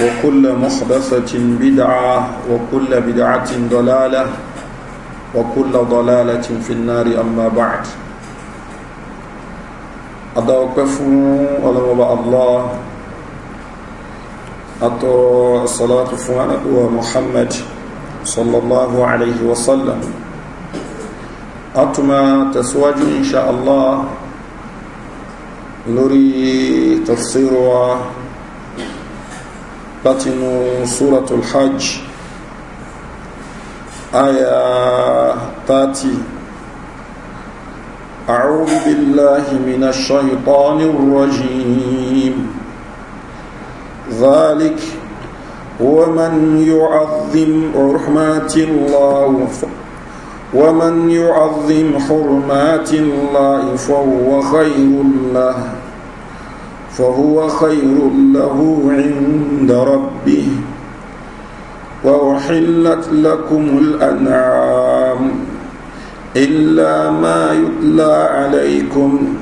وكل محدثة بدعة وكل بدعة ضلالة وكل ضلالة في النار أما بعد أدوكف ولو الله أطر الصلاة فوانا محمد صلى الله عليه وسلم أتما تسواج إن شاء الله نري تفسيرها látinú suratul hajj aya 30 أعوذ بالله من الشيطان الرجيم ذلك ومن يعظم حرمات الله ومن يعظم حرمات الله فهو خير له فهو خير له عند ربه وأحلت لكم الأنعام إلا ما يتلى عليكم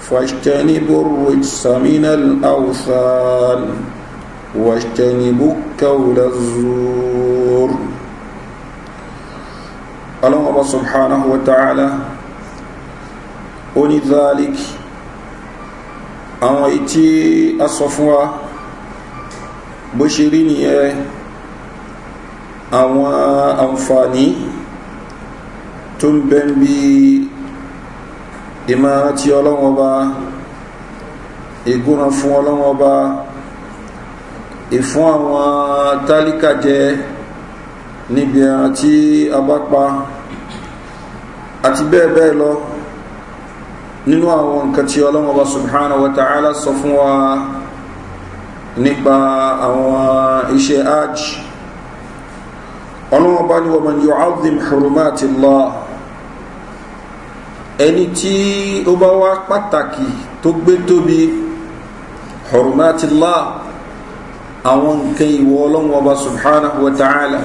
فاجتنبوا الرجس من الأوثان واجتنبوا كول الزور الله سبحانه وتعالى أني ذلك àwọn èyí tí a sọ fún wa bó ṣe rí nìyẹn àwọn àǹfààní tó ń bẹ́ ń bí ìmá tí ọlọ́wọ́n bá ìgúnran fún ọlọ́wọ́n bá ìfún àwọn tálíkà níbi ẹran tí àti bẹ́ẹ̀ bẹ́ẹ̀ lọ nínú àwọn nǹkan tí ọlọ́wọ́n bá subhana wa ta'ala sọ fún wa nípa àwọn iṣẹ́ aj ọlọ́wọ́n bá ní wọ́n mọ̀ yóò áwùdìm hurumati lọ́ọ̀ ẹni tí ó bá wá pàtàkì tó gbé tóbi hurmatillah àwọn nǹkan ìwọ ọlọ́run ọba subhanahu wa ta'ala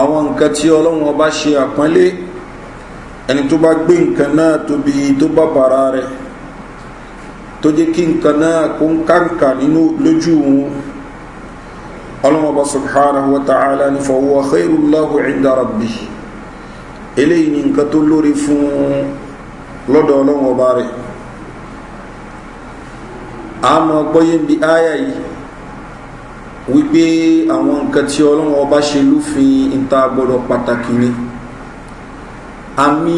àwọn nǹkan tí ọlọ́run ọba ṣe àpọ́nlé ẹni tó bá gbé nǹkan náà tóbi tó bá bàrà rẹ̀ tó jẹ́ kí nǹkan náà kó ń kàǹkà nínú lójú wọn ọlọ́mọba subhanahu wa ta'ala ni fọwọ́ khairulahu inda rabbi eléyìí ni nǹkan tó lórí fún lọ́dọ̀ ọlọ́mọba rẹ̀ àmọ́ gbọ́yé bí áyà yìí wípé àwọn nǹkan tí ọlọ́mọba ṣe lófin ìta gbọ́dọ̀ pàtàkì ni àmì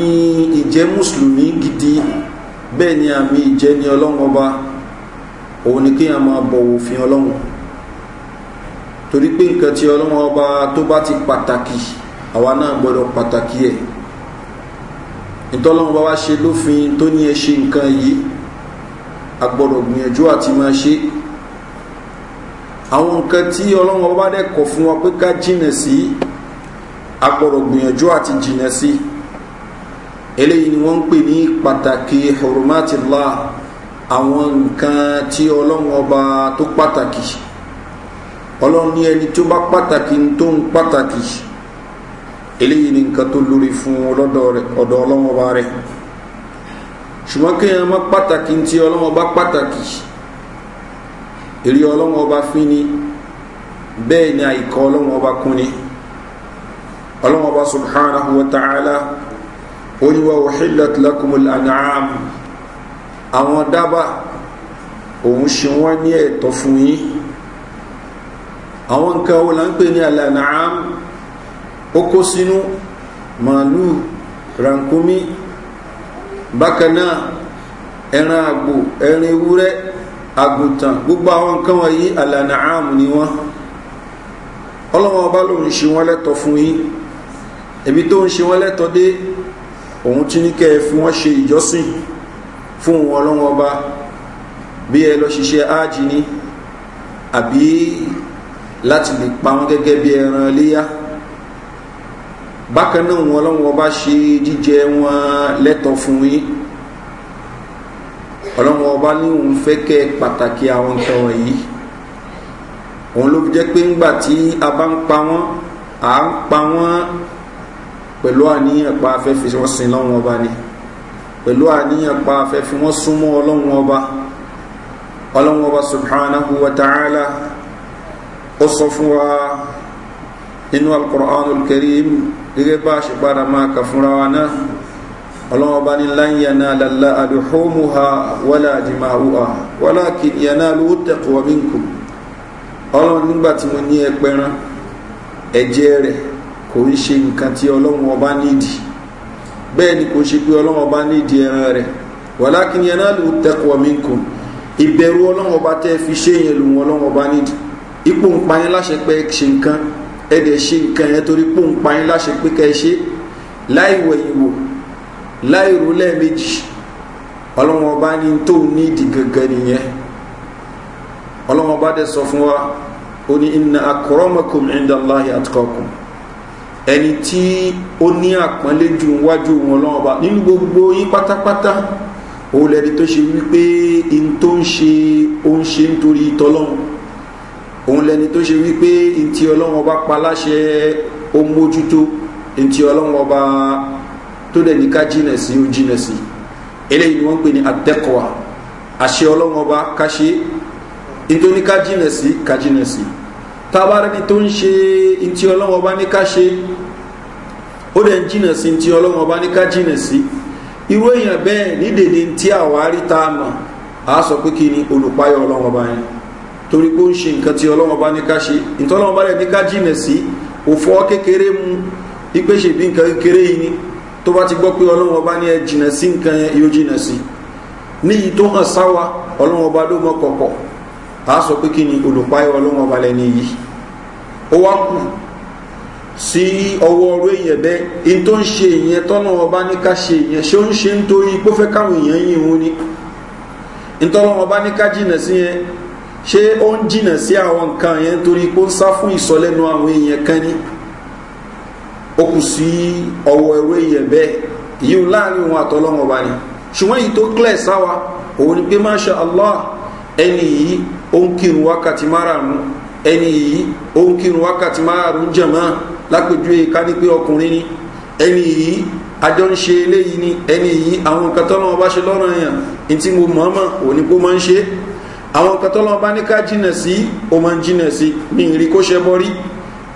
ìjẹ́ mùsùlùmí gidi bẹ́ẹ̀ ni àmì ìjẹ́ ni ọlọ́run ọba òun ni kéèyàn máa bọ̀wọ̀ òfin ọlọ́run torí pé nǹkan tí ọlọ́run ọba tó bá ti pàtàkì àwa náà gbọ́dọ̀ pàtàkì ẹ̀ ìtọ́lọ́run bá wá ṣe lófin tó ní ẹ ṣe nǹkan yìí a gbọ́dọ̀ gbìyànjú àti máa ṣe àwọn nǹkan tí ọlọ́run ọba dẹ̀ kọ̀ fún wa pé ká jìnà sí a gbọ́dọ̀ gbìyànjú àti jìnà sí i eléyìí ni wọ́n ń pè ní pàtàkì hurumatila àwọn nǹkan tí ọlọ́run ọba tó pàtàkì ọlọ́run ní ẹni tó bá pàtàkì tó ń pàtàkì eléyìí ni nǹkan tó lórí fún ọlọ́dọ̀ ọlọ́run ọba rẹ̀ ṣùgbọ́n kéèyàn má pàtàkì tí ọlọ́run ọba pàtàkì èrè ọlọ́run ọba fín ni bẹ́ẹ̀ ni àìkọ́ ọlọ́run ọba kún ni ọlọ́run ọba subhanahu wa ta'ala oníwà wàhílẹ̀t lakumul anam àwọn dábà òun ṣe wọ́n ní ẹ̀tọ́ fún yín àwọn nǹkan wo la ń pè ní alanam ó kó sínú màálù rankumi bákan náà ẹran àgbò ẹran ewúrẹ́ àgùntàn gbogbo àwọn nǹkan wọ̀nyí alanam ni wọ́n ọlọ́wọ́n ọba lòun ṣe wọ́n lẹ́tọ̀ fún yín èmi tó ń ṣe wọ́n lẹ́tọ̀ dé òun tí ní kẹ́ fi wọ́n ṣe ìjọsìn fún òun ọlọ́wọ́n ọba bí ẹ lọ ṣiṣẹ́ áàjì ni àbí láti lè pa wọn gẹ́gẹ́ bí ẹran léyà bákan náà wọn ọlọ́wọ́n ọba ṣe jíjẹ wọn lẹ́tọ̀ fún yín ọlọ́wọ́n ọba ní òun fẹ́ kẹ́ pàtàkì àwọn nǹkan wọ̀nyí òun ló jẹ́ pé ńgbà tí a bá ń pa wọ́n à ń pa wọ́n pẹ̀lú àníyàn pa afẹ́ fi wọ́n sin lọ́wọ́n ọba ni pẹ̀lú àníyàn pa afẹ́ fi wọ́n súnmọ́ ọlọ́wọ́n ọba ọlọ́wọ́n ọba subhanahu wa ta'ala ó sọ fún wa nínú alqur'anul karim gẹ́gẹ́ bá a ṣe padà máa kà fúnra wa náà ọlọ́wọ́n ọba ní lan yanala aduhumuha wala dima'uha walakin yanalu taqwa minkum ọlọ́wọ́n nígbà tí mo ní ẹpẹran ẹ̀jẹ̀ rẹ̀ kò ń ṣe nǹkan tí ọlọ́run ọba nídìí bẹ́ẹ̀ ni kò ṣe pé ọlọ́run ọba nídìí ẹran rẹ̀ wàlákin yẹn náà ló tẹ́kọ̀ọ́ mi kù ìbẹ̀rù ọlọ́run ọba tẹ́ fi ṣe yẹn lòun ọlọ́run ọba nídìí ipò ń pa yín láṣẹ pé ṣe nǹkan ẹ dẹ̀ ṣe nǹkan yẹn torí pò ń pa yín láṣẹ pé kẹ́ ẹ ṣe láì wẹ̀yìn wò láì rò lẹ́ẹ̀mejì ọlọ́run ọba ní tó nídìí gangan nìyẹn ọlọ́run ọba dẹ̀ sọ fún wa ó ní ìnà àkọ́rọ́mọkùnrin ìdánláyà àtúkọ̀kùnrin ẹni tí ó ní àpọ́nlé ju wájú wọn lọ́wọ́ bá nínú gbogbo yín pátápátá òun lẹni tó ṣe wípé in tó ń ṣe ó ń ṣe nítorí tọlọ́run òun lẹni tó ṣe wípé in tí ọlọ́run ọba pa láṣẹ ó mójútó in tí ọlọ́run ọba tó dẹ̀ ní ká jìnà sí ó jìnà sí eléyìí ni wọ́n ń pè ní àtẹ́kọ̀ọ́ àṣẹ ọlọ́run ọba ká ṣe in tó ní ká jìnà sí ká jìnà sí tabarani tó ń ṣe ntí ọlọ́wọ́n bá ní ká ṣe ó dẹ̀ ń jìnà sí ntí ọlọ́wọ́n bá ní ká jìnà sí irú èèyàn bẹ́ẹ̀ ní dèdè ntí àwárí tá a mọ̀ á sọ pé kí ni olùpáyọ̀ ọlọ́wọ́n bá yẹn torí pé ó ń ṣe nǹkan tí ọlọ́wọ́n bá ní ká ṣe ntí ọlọ́wọ́n bá dẹ̀ ní ká jìnà sí òfò kékeré mu ipe ṣèbí nǹkan kékeré yìí ni tó bá ti gbọ́ pé ọlọ́wọ́n bá ní ẹ jìnà sí nǹkan yẹn yóò jìnà sí níyì tó hàn sáwa ọlọ́wọ́n bá ló mọ kọ̀kọ̀ a sọ pé kí ni olùpáyọ ọlọ́wọ́n ọba lẹ́ni yìí ó wá kù sí ọwọ́ èèyàn bẹ́ẹ̀ in tó ń ṣe ìyẹn tọ́nà ọba ní ká ṣe ìyẹn ṣé ó ń ṣe nítorí pé ó fẹ́ káwọn èèyàn yìí wọn ni ìtọ́lọ́wọ́n ọba ní ká jìnà sí yẹn ṣé ó ń jìnà sí àwọn nǹkan yẹn nítorí pé ó ń sá fún ìsọlẹ́nu kan ni ó kù sí ọwọ́ orú èèyàn bẹ́ẹ̀ yíyún láàrin òun ọba ni ẹni yìí ó ń kírun wákàtí márààrún ẹni yìí ó ń kírun wákàtí márààrún jẹ̀mọ́ lápèjúwe ká ní pé ọkùnrin ni ẹni yìí àjọ ń ṣe eléyìí ni ẹni yìí àwọn nǹkan tọ́lọ́wọ́ bá ṣe lọ́rọ̀ yàn ní tí mo mọ̀ mọ̀ òní kó máa ń ṣe àwọn nǹkan tọ́lọ́wọ́ bá ní ká jìnà sí ó máa ń jìnà sí mi ìrí kó ṣe bọ́rí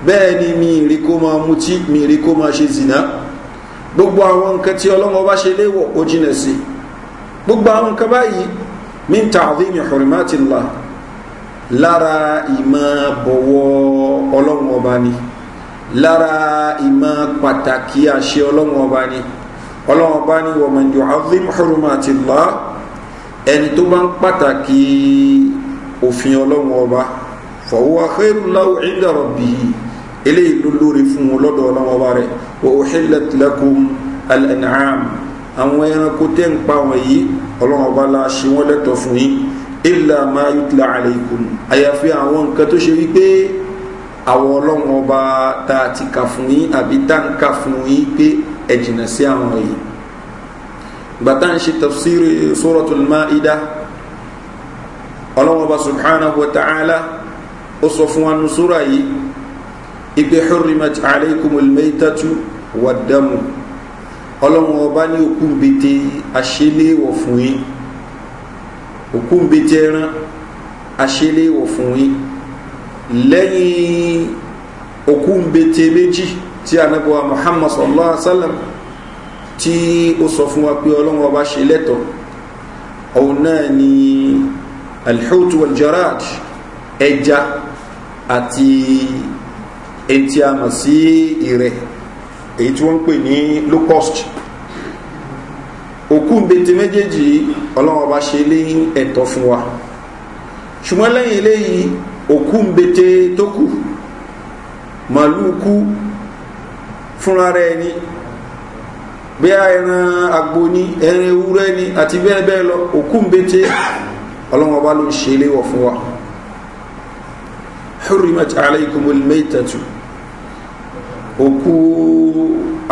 bẹ́ẹ̀ ni mi ìrí kó máa mutí mi ìrí kó máa ṣe zìnà gbogbo àwọn nǹkan tí ọlọ́wọ́ bá ṣe léwọ̀ ó jìnà sí gbogbo àwọn nǹkan báyìí min taadimi xurumaati la lára ìmọ̀ bọ̀wọ̀ ọlọ́run ọba ni lára ìmọ̀ pàtàkì àṣẹ ọlọ́run ọba ni ọlọ́run ọba ni wọ́n mọ̀ ní ọ̀hún xurumaati la ẹni tó bá ń pàtàkì òfin ọlọ́run ọba fọwọ́ akérúláwò ìdàrọ̀ bìí eléyìí ló lóore fún wọn lọ́dọ̀ ọlọ́run ọba ọlọ́run ọba la ṣe wọ́n lẹ́tọ̀ fún yín ilà máa yutla aleikum àyàfi àwọn nǹkan tó ṣe wípé àwọn ọlọ́run ọba tá a ti kà fún yín àbí tá n kà fún yín pé ẹ jìnà sí àwọn yìí gbàtà ń ṣe tafsiri suratul maida ọlọ́run ọba subhanahu wa ta'ala ó sọ fún wa nu sura yìí ipe hurrimat aleikum almaitatu wa damu ọlọ́run ọba ní òkú bete aṣeléwọ̀ fún yín òkú bete ẹran aṣeléwọ̀ fún yín lẹ́yìn òkú bete méjì tí anabuwa muhammad sallallahu alaihi wa sallam tí ó sọ fún wa pé ọlọ́run ọba ṣe lẹ́tọ̀ òun náà ni alhutu aljarad ẹja àti ẹntì sí ìrẹ̀ èyí tí wọ́n ń pè ní locust òkú mejeji méjèèjì ọlọ́wọ́n bá ṣe lé ẹ̀tọ́ fún wa ṣùgbọ́n lẹ́yìn eléyìí òkú tó fúnra rẹ̀ ni bí ẹran agbo ni ẹran ewúrẹ́ ni àti bẹ́ẹ̀ bẹ́ẹ̀ lọ òkú bètè ọlọ́wọ́n bá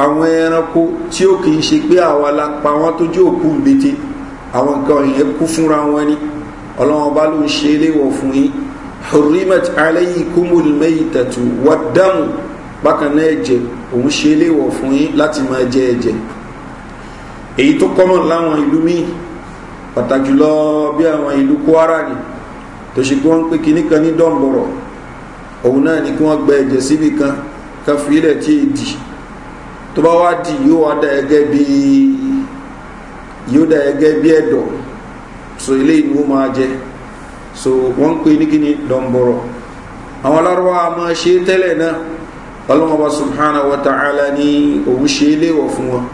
àwọn ẹranko tí ó kìí ṣe pé àwa la pa wọn tó jẹ́ òkú mbete àwọn nǹkan ìyẹn kú fúnra wọn ni ọlọ́wọ́n bá ló ń ṣe léwọ̀ fún yín hurimat alayhi kumul maytatu wa damu bákan náà ẹ̀jẹ̀ òun ṣe léwọ̀ fún yín láti máa jẹ ẹ̀jẹ̀ èyí tó kọ́mọ̀ láwọn ìlú míì pàtàkì jùlọ bí àwọn ìlú kwara ni tó ṣe kí wọ́n ń pè kan ní dọ́ǹbọ̀rọ̀ òun náà ni kí wọ́n gba ẹ̀jẹ̀ síbi kan ká fi ilẹ̀ tí èdè tó bá wá di yóò da dá ẹgẹ́ bí so eleyi ni maa je so wọ́n ń n'i ní kíni àwọn alárùwá máa ṣe tẹ́lẹ̀ náà ọlọ́wọ́n bá wa ta'ala ni òun ṣe é léwọ̀ fún wọn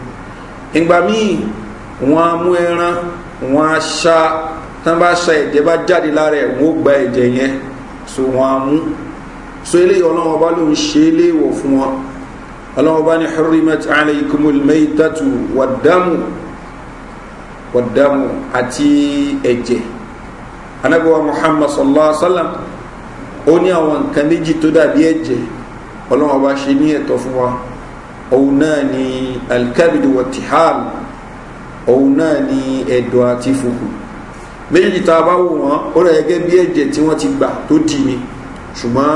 ìgbà míì wọ́n á mú ẹran wọ́n á ṣá tán bá ṣa ẹ̀jẹ̀ bá jáde gba yẹn so wọ́n á mú so eléyìí ọlọ́wọ́n bá lóun ṣe é fún ọlọ́wọ́ bá ní hurrimat alaykumul maytatu wad-damu wad-damu àti ẹ̀jẹ̀ anabiwa muhammad sallallahu alaihi wa sallam ó ní àwọn nǹkan méjì tó dàbí ẹ̀jẹ̀ ọlọ́wọ́ bá ṣe ní ẹ̀tọ́ fún wa òun náà ni alkabidu wattihal òun náà ni ẹ̀dọ̀ àti fùkù méjì tá a bá wò wọ́n ó rẹ̀ gẹ́gẹ́ ti gbà tó dì ní ṣùgbọ́n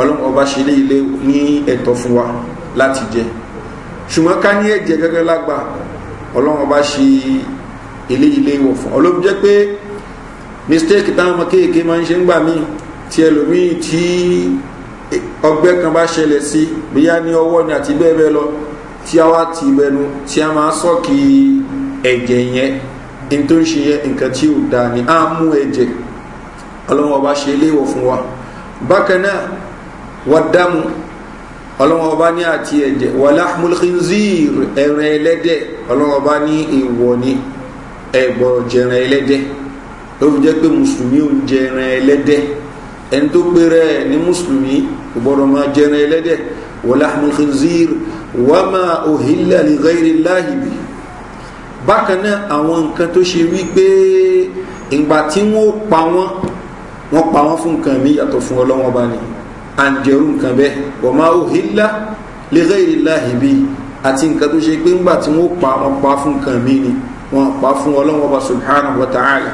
ọlọ́wọ́ bá ṣe ní ilé ní ẹ̀tọ́ fún wa láti jẹ ṣùgbọ́n ká ní ẹ̀jẹ̀ gẹ́gẹ́ lágbà ọlọ́run bá ṣe ilé ilé ìwọ̀ fún ọlọ́run jẹ́ pé mistake táwọn ọmọ kéèké máa ń ṣe ń gbà míì tí ẹlòmíì tí ọgbẹ́ kan bá ṣẹlẹ̀ sí bíyá ní ọwọ́ ni àti bẹ́ẹ̀ bẹ́ẹ̀ lọ tí a wá ti ìbẹnu tí a máa sọ́ọ̀kì ẹ̀jẹ̀ yẹn in tó ń ṣe yẹn nǹkan tí ò dáa ni a mú ẹ̀jẹ̀ ọlọ́run ọba ṣe ilé ìwọ̀ fún wa bákan náà wà dáàmú ọlọ́wọ́n ọba ní àti ẹ̀jẹ̀ wà láhmúlkínzír ẹran ẹlẹ́dẹ̀ ọlọ́wọ́n ọba ní ìwọ̀ ni ẹ̀gbọ̀rọ̀ jẹran ẹlẹ́dẹ̀ ló fi jẹ́ pé mùsùlùmí ò ń jẹran ẹlẹ́dẹ̀ ẹni tó péré ẹ̀ ní mùsùlùmí ìgbọ̀rọ̀ máa jẹran ẹlẹ́dẹ̀ wà láhmúlkínzír wà máa òhìlẹ̀ lìgẹ́rì láhìbì bákan náà àwọn nǹkan tó ṣe wípé ìgbà tí wọ́n pa wọ́n wọ́n pa wọ́n fún nǹkan mi yàtọ̀ fún ọlọ́wọ́n ọba nìyí àǹjẹ̀rú nǹkan bẹ́ẹ̀ wọ́má ó hílá lẹ́gẹ́ ìrìláhì bí àti nǹkan tó ṣe pé ńgbà tí wọ́n pa wọn pa fún nǹkan mí ni wọn pa fún ọlọ́wọ́ bá subhanahu wa ta'ala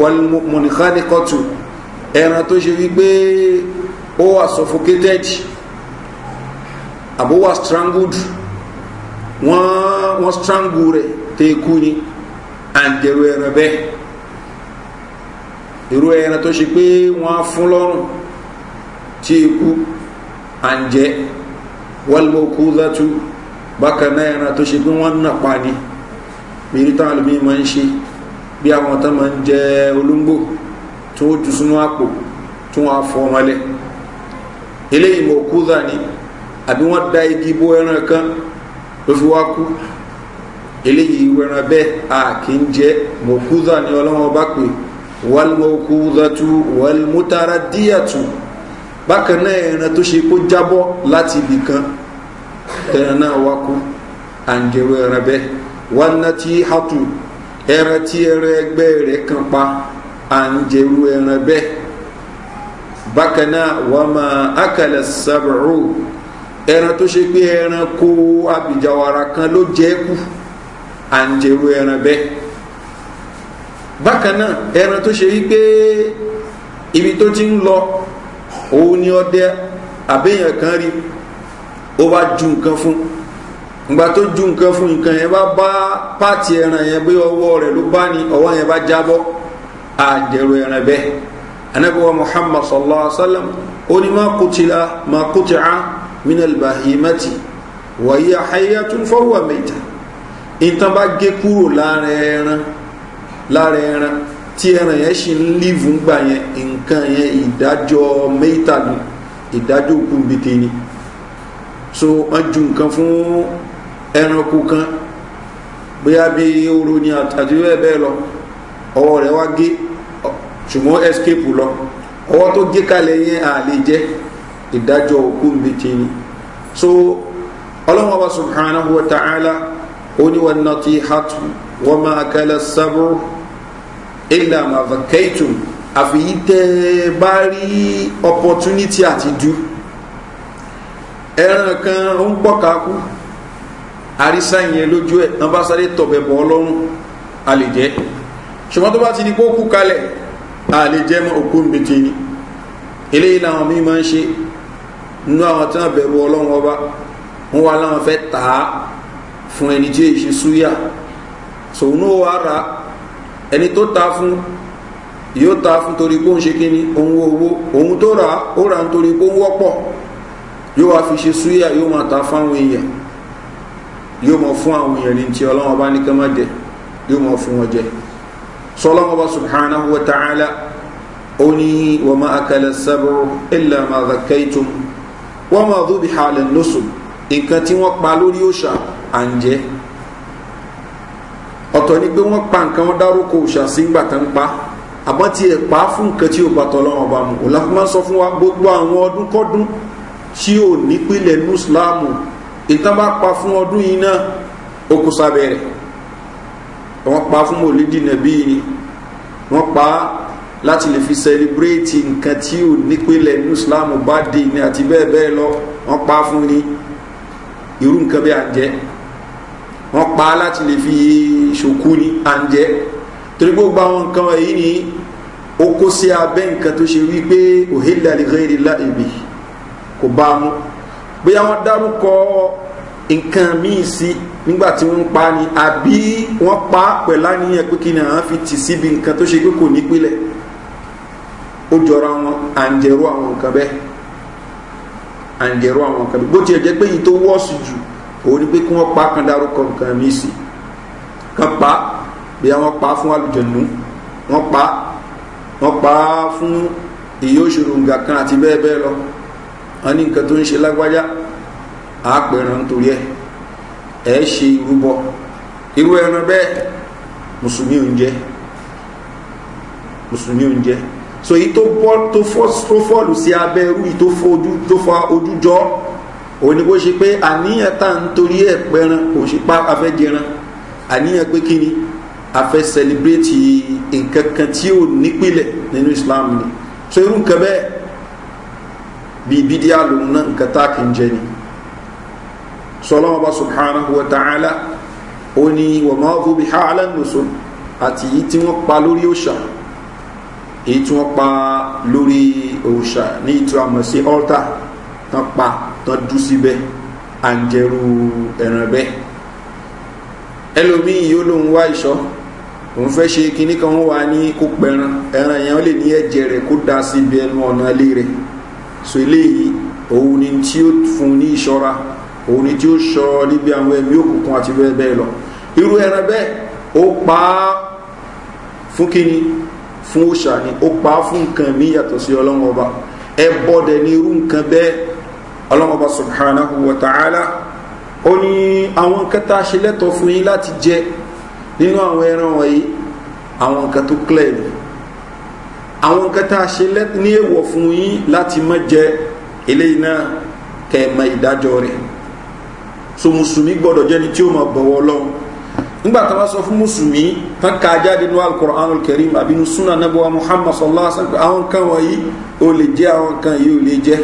wàlmọ̀nìkánìkọ́tù ẹran tó ṣe wípé ó wà suffocated àbó wà strangled wọ́n strangle rẹ̀ tẹ́ ikú ni àǹjẹ̀rú ẹran bẹ́ẹ̀ irú ẹran to se pe wọn á fún lọ́rùn tí ikú à ń jẹ wọ́lùmọ̀ kú dátú bákan náà ẹran tó ṣe pé wọ́n ń nàpa ni mèrí táwọn lómi máa ń ṣe bí àwọn tán máa ń jẹ olóńgbò tó jù sínú àpò tó wọn fọ ọmọlẹ eléyìí mọ̀ kú dà ní àbí wọ́n da igi bó ẹran kan ló fi wá kú eléyìí wẹran bẹ́ẹ̀ a kì í jẹ́ mọ̀ kú dà ní ọlọ́wọ́n bá pè wàlmọ̀ kú dàtú wàlmọ̀ tàrà díyàtú. bákan náà ẹran tó ṣe kó jábọ́ láti ibì kan ẹran náà wá kú à ẹran bẹ́ẹ̀ wọn ná tí hatu ẹran tí ẹran ẹgbẹ́ rẹ̀ kan pa à ẹran bẹ́ẹ̀ bákan náà wọn máa akala sábàrò ẹran tó ṣe pé ẹran kó abìjàwara kan ló jẹ́ kú à ẹran bẹ́ẹ̀ bákan náà ẹran tó ṣe wípé ibi tó ti ń lọ òun ni ọdẹ àbẹ́yàn kan rí ó wá ju nǹkan fún ìgbà tó ju nǹkan fún nǹkan yẹn bá bá pààtì ẹran yẹn bí ọwọ́ rẹ̀ ló bá ní ọwọ́ yẹn bá jábọ́ àdẹ̀rọ ẹran bẹ́ẹ̀ anabiwa muhammad sallallahu alaihi wa sallam onímọ̀ kutila ma kutia minal bahimati wàyí àhẹ́yẹ́tún fọwọ́ mẹ́ta ìtàn bá gé kúrò lára ẹran lára ẹran tí ẹran yẹn ṣì ń líìvù ń gbà yẹn nǹkan yẹn ìdájọ́ mẹ́ta ìdájọ́ ni so wọ́n ju nǹkan fún ẹranko kan bóyá bí oró ni àti bẹ́ẹ̀ bẹ́ẹ̀ lọ ọwọ́ rẹ̀ wá gé ṣùgbọ́n escape lọ ọwọ́ tó gé kalẹ̀ yẹn à lè jẹ́ ìdájọ́ òkú bìtẹ́ ni so ọlọ́wọ́n subhanahu wa ta'ala náà ti hàtú wọ́n máa kẹ́lẹ́ sábúrú. ilà màvàkẹ́tùm àfihì tẹ́ bá rí opportunity àti du ẹran kan ó ń pọ̀ka kú àrísá yẹn lójú ẹ̀ wọ́n bá sáré tọ̀bẹ̀ bọ̀ ọlọ́run a lè jẹ́ ṣùgbọ́n tó bá ti di pé ó kú kalẹ̀ a lè jẹ́ mọ́ òkú mbete ni eléyìí làwọn míì máa ń ṣe nínú àwọn tí wọ́n bẹ̀rù ọlọ́run ọba wọ́n wá láwọn fẹ́ tà á fún ẹni tí èyí ṣe súyà sòun náà wàá ra ẹni tó ta fún yóò ta fún torí pé ó ń ṣe kíni òun owó òun tó rà ó rà nítorí pé ó ń wọ́pọ̀ yóò wá fi ṣe súyà yóò máa ta fáwọn èèyàn yóò mọ fún àwọn èèyàn ní tí ọlọ́wọ́n bá ní kí wọ́n jẹ yóò mọ fún wọn jẹ sọlọ́wọ́n bá subhanahu wa ta'ala ó ní wọ́n máa kalẹ̀ sábúrú ilẹ̀ máa zakaitum wọ́n máa dúbi halẹ̀ lóṣù nǹkan tí wọ́n pa lórí òòṣà à ń jẹ́ ọ̀tọ̀ ni pé wọ́n pa nǹkan wọn dárúkọ òṣàṣì ńgbà tán pa àbọ̀n tí ẹ̀ pa fún nǹkan tí ò bá tọ́ lọ́wọ́ bá mu kò sọ fún wa gbogbo àwọn ọdún kọ́dún tí ò nípìnlẹ̀ nùsùlámù ìtàn bá pa fún ọdún yìí náà ó kó sábẹ́ rẹ̀ wọ́n pa fún mòlídìí nàbí ni wọ́n pa láti lè fi sẹlẹbírẹ́tì nǹkan tí ò nípìnlẹ̀ nùsùlámù bá dé ni àti bẹ́ẹ̀ bẹ́ẹ̀ lọ wọ́n pa fún ni irú nǹkan bẹ́ẹ̀ à wọ́n pa á láti lè fi ṣòkú ní àǹjẹ́ torí gbogbo àwọn nǹkan èyí ni ó kó sí abẹ́ nǹkan tó ṣe wípé òhèlè àlèkèrè láìbì kò bá mú bóyá wọ́n dárúkọ nǹkan míì sí nígbà tí wọ́n pa ni àbí wọ́n pa pẹ̀lá níyẹn pé kí ni àwọn fi tì síbi nǹkan tó ṣe pé kò ní pínlẹ̀ ó jọra wọn àǹjẹ̀rú àwọn nǹkan bẹ́ẹ̀ àǹjẹ̀rú àwọn nǹkan bẹ́ẹ̀ bó tiẹ̀ jẹ́ pé èyí tó wọ́ọ̀sì jù òun ni pé kí wọ́n pa kan dárúkọ nǹkan mi sí kan pa bí wọ́n pa fún àlùjẹ̀nu wọ́n pa wọ́n pa fún ìyó ṣòròǹgà kan àti bẹ́ẹ̀ bẹ́ẹ̀ lọ wọ́n ní nǹkan tó ń ṣe lágbájá àápẹ̀ràn torí ẹ̀ ẹ̀ ṣe ìrúbọ irú ẹran bẹ́ẹ̀ mùsùlùmí oúnjẹ mùsùlùmí oúnjẹ so èyí tó fọ́ọ̀lù sí abẹ́ irú yìí tó fọ́ ojú jọ òní bó ṣe pé àníyàn tá à ń torí ẹ̀ pẹran kò ṣe pa afẹ́jẹran àníyàn pé kí ni afẹ́ nǹkan kan tí ò nípìlẹ̀ nínú islam ni so irú nǹkan bẹ́ẹ̀ bíi bídíà lòun náà nǹkan tá a kì í jẹ ni sọlọ́wọ́n bá subhanahu wa ta'ala ó ní wàmọ́ fúbi ha alẹ́nusọ àti èyí tí wọ́n pa lórí òòṣà èyí tí wọ́n pa lórí òòṣà ní ìtura mọ̀ sí altar tán pa tán dú síbẹ̀ à ń jẹrú ẹ̀ràn bẹ́ẹ̀ ẹlòmíì yóò lóun wá ìṣọ́ òun fẹ́ ṣe kinní kan wọ́n wà ní kó pẹran ẹran yẹn ó lè ní ẹ̀jẹ̀ rẹ̀ kó da sí ibi ẹnu ọ̀nà ilé rẹ̀ so eléyìí òun ni tí ó fún ní ìṣọ́ra òun ni tí ó ṣọ níbi àwọn ẹ̀mí òkùnkùn àti bẹ́ẹ̀ bẹ́ẹ̀ lọ irú ẹran bẹ́ẹ̀ ó pa á fún kíni fún òòṣà ni ó pa á fún nǹkan míyàtọ̀ sí ọlọ́run ọba ẹ bọ́dẹ̀ ní irú nǹkan bẹ́ẹ̀ ọlọ́mọba subhanahu wa ta'ala ó ní àwọn nǹkan tá a ṣe lẹ́tọ̀ fún yín láti jẹ nínú àwọn ẹran wọ̀nyí àwọn nǹkan tó clear ni àwọn nǹkan tá a ṣe ní èèwọ̀ fún yín láti má jẹ eléyìí náà kẹ́ ẹ̀ mọ ìdájọ́ rẹ̀ so mùsùlùmí gbọ́dọ̀ jẹ́ni tí ó máa bọ̀wọ̀ ọlọ́run nígbà tá a bá sọ fún mùsùlùmí tán ká a jáde ní alukur'an alukarim àbínú sunna nabawa muhammad sallallahu alaihi wa sallam àwọn nǹkan wọ̀nyí ó lè jẹ́ àwọn nǹkan yìí ó lè jẹ́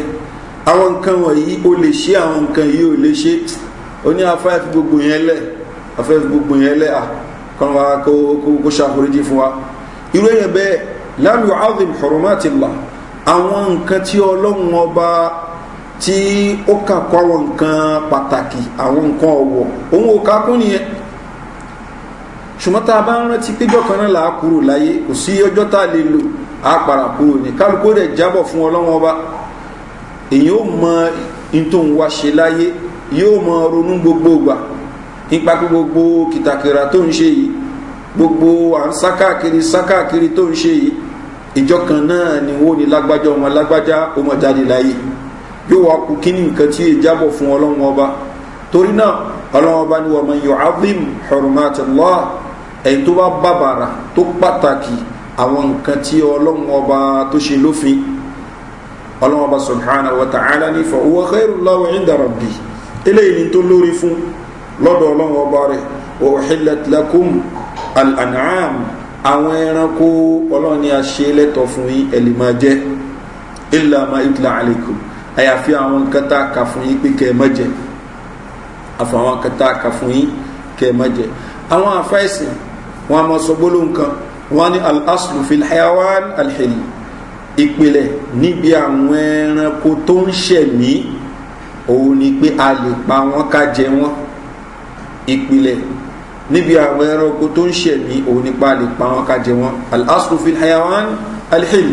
àwọn nǹkan wọ̀nyí o lè ṣe àwọn nǹkan yìí o lè ṣe o ní afẹ́ fi gbogbo yẹn lẹ̀ afẹ́ fi gbogbo yẹn lẹ̀ kàn wá kó kó ṣàforíjì fún wa irú èèyàn bẹ́ẹ̀ láàmì ọ̀hádùn ìfọ̀rọ̀mátìlá àwọn nǹkan tí ọlọ́run ọba tí ó kàkọ́ àwọn nǹkan pàtàkì àwọn nǹkan ọ̀wọ̀ òun ò kákún nìyẹn ṣùgbọ́n tá a bá ń rántí péjọ kan náà là á kúrò láyé kò sí ọjọ́ tá a lè lò á para kúrò ní kálukú rẹ̀ jábọ̀ fún ọlọ́run ọba èyàn ó mọ ntòun wá ṣe láyé yóò mọ ronú gbogbo gbà nípa pé gbogbo kìtàkìrà tó ń ṣe yìí gbogbo à ń sá káàkiri sá káàkiri tó ń ṣe yìí ìjọ kan náà ni wọ́n ní lágbájá ọmọ lágbájá ọmọ jáde láyé yóò wá kú kí ní nǹkan tí èyí jábọ̀ fún ọlọ́run ọba torí náà ọlọ́run ọba ni wọ́n mọ iyọ̀ abim ọ̀rùnmátìlọ́ ẹ̀yìn tó bá bàbàrà tó pàtàkì àwọn nǹkan tí ọlọ́run ọba tó ṣe lófin ọlọ́wọ́n bá subhanahu wa ta'ala ní fa huwa khairu lahu inda rabbi eléyìí ni tó lórí fún lọ́dọ̀ ọlọ́wọ́n ọba rẹ̀ wa uhillat lakum al-an'am àwọn ẹranko ọlọ́run ni a ṣe lẹ́tọ̀ fún yín ẹ̀lì máa jẹ́ illa ma yutla alaykum àyàfi àwọn nǹkan tá fún yín pé kẹ́ àfọ àwọn nǹkan tá fún yín kẹ́ àwọn àfáìsìn wọn a máa sọ gbólóhùn kan wọn ni al hayawan al ìpìlẹ̀ níbi àwọn ẹranko tó ń ṣẹ̀mí òun ni pé a lè pa wọ́n ká jẹ wọ́n ìpìlẹ̀ níbi àwọn ẹranko tó ń ṣẹ̀mí òun ni pé a lè pa wọ́n ká jẹ wọ́n al-aslufin hayawan alhil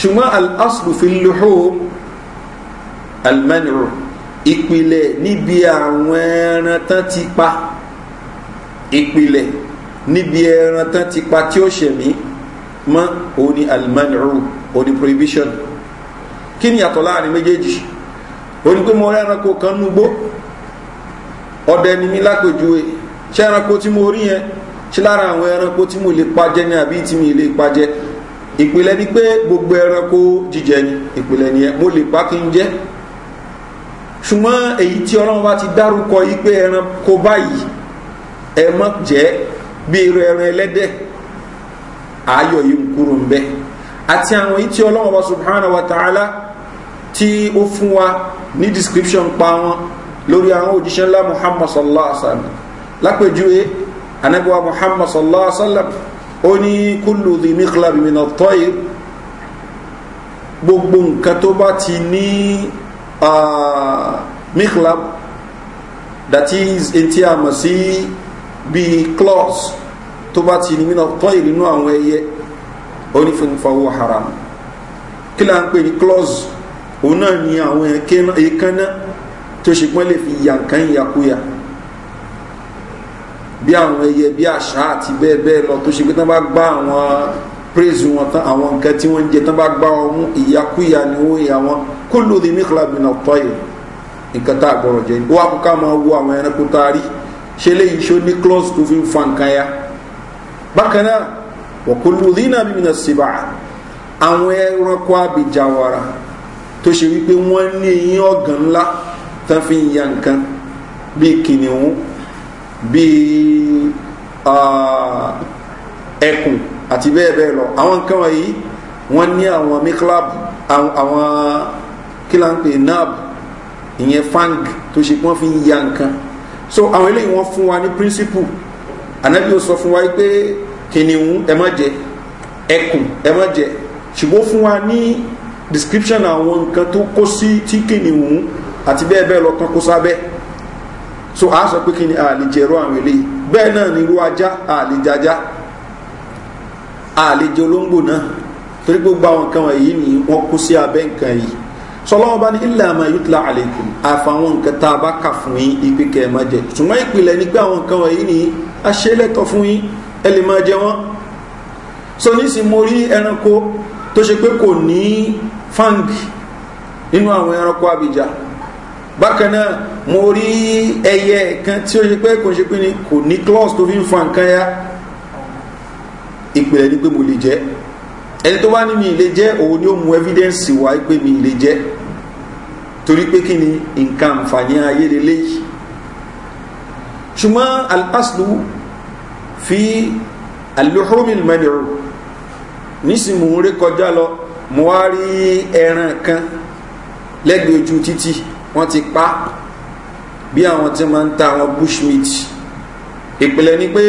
ṣùgbọ́n al-aslufin luhu almanru ìpìlẹ̀ níbi àwọn ẹran tán ti pa ìpìlẹ̀ níbi ẹran tán ti pa tí ó ṣẹ̀mí mọ́ òun ni alimaniru òun ni prohibition kí ni yàtọ̀ láàrin méjèèjì òun ni pé mo rí ẹranko kan nugbó ọdẹ ni mi lápèjúwe ṣé ẹranko tí mo rí yẹn ṣé lára àwọn ẹranko tí mo lè pajẹ ni àbí tí mi lè pajẹ ìpìlẹ̀ ni pé gbogbo ẹranko jíjẹ ni ìpìlẹ̀ ni ẹ mo lè pa kí n jẹ́ ṣùgbọ́n èyí tí ọlọ́run bá ti dárúkọ yí pé ẹranko báyìí ẹ mọ̀ jẹ́ bí ẹran ẹlẹ́dẹ̀ẹ́ ayọ̀ yìí ń kúrò ń bẹ́ àti àwọn yìí tí ọlọ́wọ́n bá wa ta'ala tí ó fún wa ní description pa wọn lórí àwọn òjíṣẹ́ ńlá muhammad sallallahu alaihi wa sallam lápèjúwe anabiwa muhammad sallallahu alaihi wa sallam ó ní kúlù dì miqlab min at-tayr gbogbo nǹkan tó bá ti ní miqlab that is etí àmọ̀ sí bíi clause tó bá ti ní mínà tọ́ ìrìnú àwọn ẹyẹ onífẹ̀mufawọ́ haram kí là ń pè ní clause òun náà ni àwọn èékánná tó ṣe pọ́n lè fi yà nǹkan ìyàkúyà bí àwọn ẹyẹ bí àṣà àti bẹ́ẹ̀ bẹ́ẹ̀ lọ tó ṣe pé tán bá gbá àwọn praise wọn tán àwọn nǹkan tí wọ́n ń jẹ tán bá gbá wọn mú ni ó yà wọn kó lóde mikla bin ọ̀tọ́ yìí nǹkan tá a gbọ́dọ̀ jẹ́ ó wá kó ká máa wo àwọn ẹranko tá a rí ṣe léyìí ṣó ní clause tó fi ń fa nǹkan ya bákan náà wọ̀kúlù dínà bímínà síbà àwọn ẹranko àbíjàwara tó ṣe wípé wọ́n ní eyín ọ̀gàn ńlá tán fi ń ya nǹkan bíi kìnìún bíi ẹkùn àti bẹ́ẹ̀ bẹ́ẹ̀ lọ àwọn nǹkan wọ̀nyí wọ́n ní àwọn miklab àwọn kílánpé nab ìyẹn fang tó ṣe pé wọ́n fi ń ya nǹkan so àwọn eléyìí wọ́n fún wa ní principle anabi ó sọ fún wa pé kìnìún ẹ má jẹ ẹkùn ẹ má jẹ ṣùgbọ́n fún wa ní description àwọn nǹkan tó kó sí tí kìnìún àti bẹ́ẹ̀ bẹ́ẹ̀ lọ kan kó sábẹ́ so a sọ pé kí ni àlejẹ̀rọ àwọn eléyìí bẹ́ẹ̀ náà ni irú ajá àlejàjá àlejò olóńgbò náà torí gbogbo àwọn nǹkan wọ̀nyí ni wọ́n kó sí abẹ́ nǹkan yìí sọlọ́wọ́n bá ní ilẹ̀ àmà yutla aleikum àfàwọn nǹkan tá a bá kà fún yín ipe kẹ́ẹ̀má jẹ ṣùgbọ́n ìpìlẹ̀ ni pé àwọn nǹkan wọ̀nyí ni a ṣe lẹ́tọ̀ fún yín ẹ lè máa jẹ wọ́n so nísìn mo rí ẹranko tó ṣe pé kò ní fang nínú àwọn ẹranko abìjà bákan náà mo rí ẹyẹ kan tí ó ṣe pé kò ṣe pé ni kò ní claus tó fi ń fa nǹkan ya ìpìlẹ̀ ni pé mo lè jẹ́ ẹni tó bá ní mi lè jẹ́ òun ni ó mú evidence wá pé mi lè jẹ́ torí pé kí ni nǹkan àǹfààní ayé lélẹ́yìí ṣùgbọ́n al-aslu fi al-luhurumi al-mani'u nísìn mò ń rí kọjá lọ mo wá rí ẹran kan lẹ́gbẹ̀ẹ́ ojú títì wọ́n ti pa bí àwọn tí máa ń ta àwọn bushmeat ìpìlẹ̀ ni pé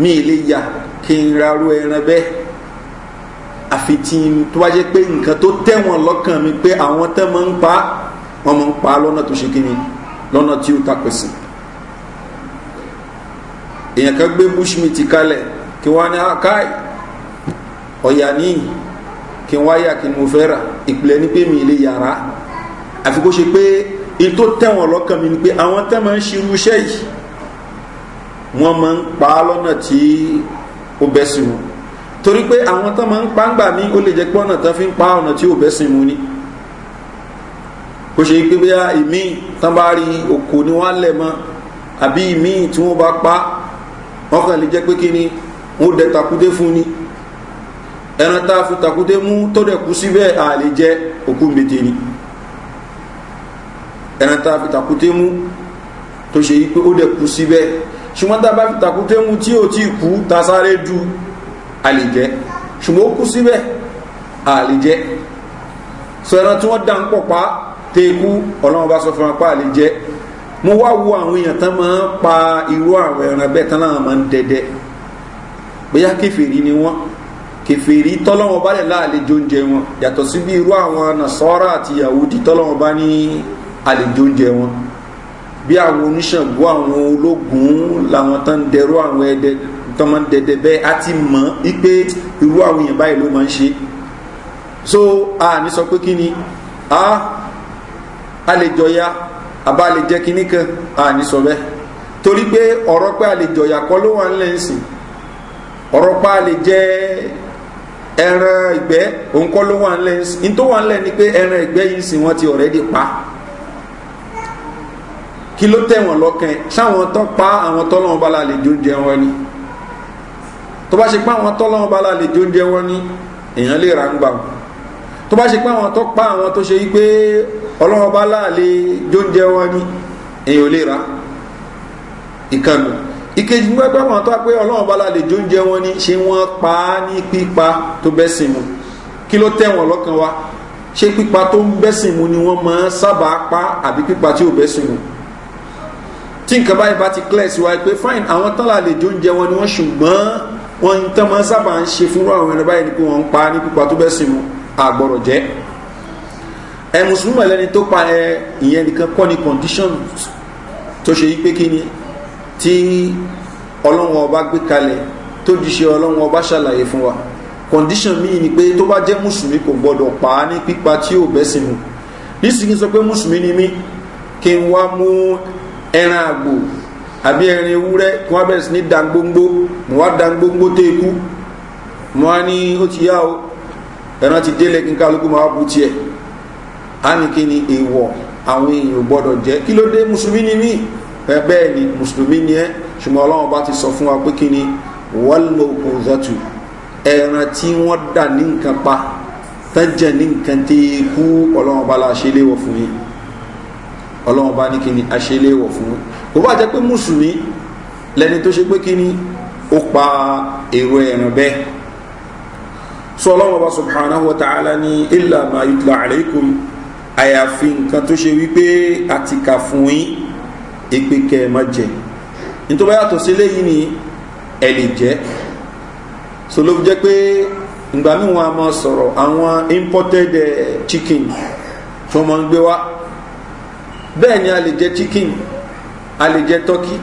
mi ì lè yà kí n rarú ẹran bẹ́ẹ̀ àfi tí n tó wá jẹ́ pé nǹkan tó tẹ̀wọ̀n lọ́kàn mi pé àwọn tẹ́ máa ń pa wọ́n máa ń pa lọ́nà tó ṣe kí ni lọ́nà tí ó takò sí èèyàn kan gbé bushmit kalẹ̀ kí wọ́n ní akai ah, ọ̀yà níyì kí wọ́n yà kí mo fẹ́ rà ìpìlẹ̀ ní pé mi lè yàrá àfi kó ṣe pé èyí tó tẹ̀wọ̀n lọ́kàn mi ni pé àwọn tẹ́ máa ń ṣirú iṣẹ́ yìí wọ́n máa ń pa á lọ́nà tí ó bẹ́ sí mu torí pé àwọn tán máa ń pa ń gbà mí ó lè jẹ́ pé ọ̀nà tán fi ń pa ọ̀nà tí ò bẹ́ sí mu ni kò ṣe pé bí i ìmí tán bá rí oko ni wọ́n á lẹ̀ mọ́ àbí ìmí tí wọ́n bá pa á wọ́n kàn lè jẹ́ pé kí ni wọ́n dẹ takúté fún ni ẹran tá a fi takúté mú tó dẹ̀ kú síbẹ̀ à lè jẹ́ òkú mbete ni ẹran tá a fi takúté mú tó ṣe yí pé ó dẹ̀ kú síbẹ̀ ṣùgbọ́n tá a bá fi takúté mú tí ò tí kú ta sáré du à lè jẹ́ ṣùgbọ́n ó kú síbẹ̀ à lè jẹ́ sọ ẹran tí wọ́n dá ń pọ̀ pa tẹ́ẹ̀kú ọlọ́run bá sọ fún wa pa à lè jẹ́ mo wá wo àwọn èèyàn tán máa ń pa irú àwọn ẹran bẹ́ẹ̀ tán láwọn máa ń dẹdẹ bóyá kẹfìrí ni wọn kẹfìrí tọ́lọ́wọ́n bá lẹ̀ láàlejò oúnjẹ wọn yàtọ̀ sí bí irú àwọn nasọ́ra àti yahudi tọ́lọ́wọ́n bá ní àlejò oúnjẹ wọn bí àwọn oníṣàngó àwọn ológun làwọn tán ń dẹrú àwọn ẹdẹ tán máa ń dẹdẹ bẹ́ẹ̀ á ti mọ̀ í pé irú àwọn èèyàn báyìí ló máa ń ṣe so a ní sọ pé kí ni a àlejò ya àbá lè jẹ́ kinní kan àní sọ bẹ́ẹ̀ torí pé ọ̀rọ̀ pé a lè jọ̀yà kọ́ ló wà ń lẹ́yìn sìn ọ̀rọ̀ pé a lè jẹ́ ẹran ìgbẹ́ òun kọ́ ló wà ń lẹ́yìn sìn ní tó wà ń lẹ́yìn ni pé ẹran ìgbẹ́ yìí sìn wọ́n ti ọ̀rẹ́dì pa kí ló tẹ̀ wọ́n lọ́kàn sáwọn tó pa àwọn tọ́lọ́wọ́n bá lálẹ́ jó jẹ wọn ni tó bá ṣe pa àwọn tọ́lọ́wọ́n bá lálẹ́ jó jẹ wọn ni èèyàn lè ra ń gbà wọn tó bá ṣe pé àwọn tó pa àwọn tó ṣe yí pé ọlọ́wọ́n bá láàlè jóúnjẹ wọn ni èyàn ò lè ra ìkànnì ìkejì nígbà pé àwọn tó pé ọlọ́wọ́n bá láàlè jóúnjẹ wọn ni ṣé wọ́n pa á ní pípa tó bẹ́sìn mu kí ló tẹ̀wọ̀n lọ́kàn wa ṣé pípa tó ń bẹ́sìn mu ni wọ́n máa ń sábà pa àbí pípa tí ò bẹ́sìn mu tí nǹkan báyìí bá ti clear sí wa pé fine àwọn tán láàlè jóúnjẹ wọn ni wọ́n ṣùgbọ́n wọn tán máa sábà ń ṣe fúnra àwọn ẹni báyìí ni pé wọ́n ń pa á ní pípa tó bẹ́sìn mu àgbọ̀rọ̀ jẹ́ ẹ mùsùlùmí ẹlẹ́ni tó pa ẹ ìyẹn nìkan kọ́ ni condition tó ṣe yí pé kí ni tí ọlọ́run ọba gbé kalẹ̀ tó jíṣẹ́ ọlọ́run ọba ṣàlàyé fún wa condition míì ni pé tó bá jẹ́ mùsùlùmí kò gbọ́dọ̀ pa á ní pípa tí ò bẹ́sìn mu nísìnyí sọ pé mùsùlùmí ni mí kí n wá mú ẹran àgbò àbí ẹran ewúrẹ́ kí wọ́n bẹ̀rẹ̀ sí ní dangbóngbó mo wá dangbóngbó tó ikú mo wá ní ó ti yá o ẹran ti délé kí n kálukú máa bu tiẹ̀ á ní kí ni èèwọ̀ àwọn èèyàn gbọ́dọ̀ jẹ́ kí ló dé mùsùlùmí ni mí bẹ́ẹ̀ ni mùsùlùmí ni ẹ́ ṣùgbọ́n ọlọ́run bá ti sọ fún wa pé kí ni wọ́lọ́ òkùnzọ́tù ẹran tí wọ́n dà ní nǹkan pa tẹ́jẹ̀ ní nǹkan tí kú ọlọ́run bá la ṣe léwọ̀ fún yín ọlọ́run bá ní kí ni a ṣe léwọ̀ fún yín kò bá jẹ́ pé mùsùlùmí lẹni tó ṣe pé kí ni ó pa èrò ẹ̀ràn bẹ́ẹ̀ sọ ọlọ́run ọba subhanahu wa ta'ala ni illa ma yutla alaykum àyàfi nǹkan tó ṣe wípé àtìkà fún yín èpè kẹ́ ẹ má jẹ nítorí yàtọ̀ sí eléyìí ni ẹ lè jẹ́ so ló pé ìgbà míì wọn a máa sọ̀rọ̀ àwọn imported eh, chicken tó máa ń gbé wá bẹ́ẹ̀ ni a lè jẹ chicken a lè jẹ turkey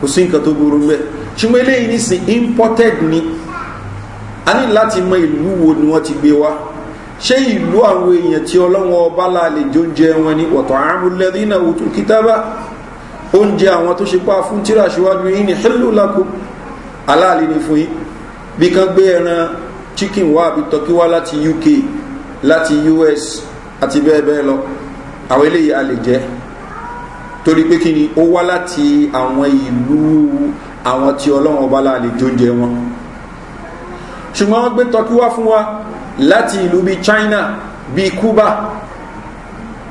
kò sí nkan tó burú bẹ́ẹ̀ ṣùgbọ́n eléyìí nísìn imported ni. a ní láti mọ ìlú wo ni wọ́n ti gbé wá ṣé ìlú àwọn èèyàn tí ọlọ́wọ́n ọba láàlè jọ ń jẹ wọn ni wọ̀tọ̀ àmúlẹ́dí náà wò tó kítàbá oúnjẹ àwọn tó ṣe pa fún tíra ṣíwájú yìí ni hẹ́lò lákò aláàlè ni fún yín bí kan gbé ẹran chicken wá àbí turkey wá láti uk láti us àti bẹ́ẹ̀ bẹ́ẹ̀ lọ àwọn eléyìí a lè jẹ́ torí pé kí ni ó wá láti àwọn ìlú àwọn tí ọlọ́wọ́n ọba láàlè jọ ń jẹ wọn ṣùgbọ́n wọ́n gbé tọ́kí wá fún wa láti ìlú bíi china bíi cuba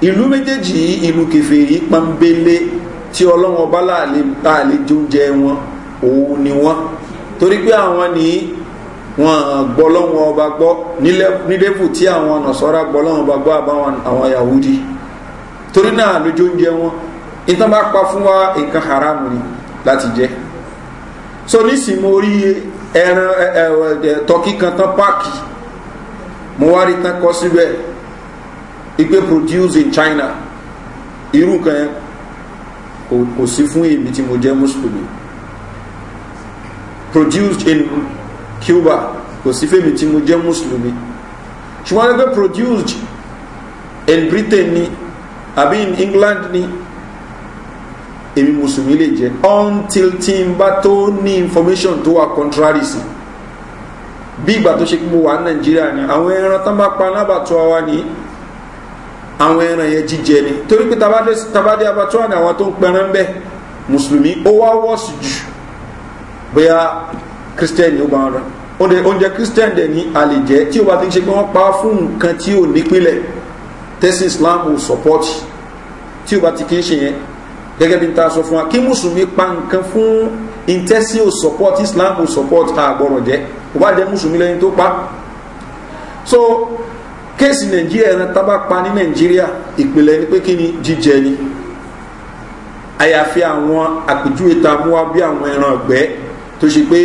ìlú méjèèjì ìlú kẹfẹ́rí pọ́nbélé tí ọlọ́wọ́n bá láàlè jóúnjẹ wọn òun ni wọ́n torí pé àwọn ní wọn gbọ́lọ́wọ́n ọba gbọ́ nílẹ́bù tí àwọn nàṣọ́ra gbọ́lọ́wọ́n ọba gbọ́ àbáwọn àwọn yahudi torí náà lójó oúnjẹ wọn ìtàn bá pa fún wa nǹkan haramu ni láti jẹ so nísìnyí mo rí ẹran tọ́kì kan tán páàkì mo wá rí tán kọ́ síbẹ̀ igbe produce in china irú nǹkan yẹn kò sí fún èmi tí mo jẹ́ mùsùlùmí produced in cuba kò sí fèmi tí mo jẹ́ mùsùlùmí ṣùgbọ́n ẹgbẹ́ produced in britain ni àbí in england ni èmi mùsùlùmí lè jẹ́ until tí n bá tó ní information tó wà contrary sí bí ìgbà tó ṣe pé mo wà ní nàìjíríà ni àwọn ẹran tán bá pa lábàtọ́ wa ni àwọn ẹran yẹn jíjẹ ni torí pé tabadé abatọ́ àná àwọn tó ń pẹran bẹ́ẹ̀ mùsùlùmí ó wá wọ́ọ̀sì jù bóyá kírísítẹ́nì ó bá ń ra oúnjẹ kírísítẹ́nì dẹ̀ ní àlejẹ́ tí ó bá ti ń ṣe pé wọ́n pa fún nǹkan tí ò nípìnlẹ̀ tẹ́sí islam ò sọ́pọ́tì tí ó bá ti kí ń ṣe yẹn gẹ́gẹ́ bí n ta sọ fún wa kí mùsùlùmí pa nǹkan fún intẹ́sí ò support islam ò support àgbọ̀rọ̀ jẹ́ kò bá jẹ́ mùsùlùmí lẹ́yìn tó pa so kéèsì nàìjíríà ẹran tábà pa ní nàìjíríà ìpìlẹ̀ ni pé kí ni jíjẹ ni àyàfi àwọn àpèjúwe ta mú wa bí àwọn ẹran ọ̀gbẹ́ tó ṣe pé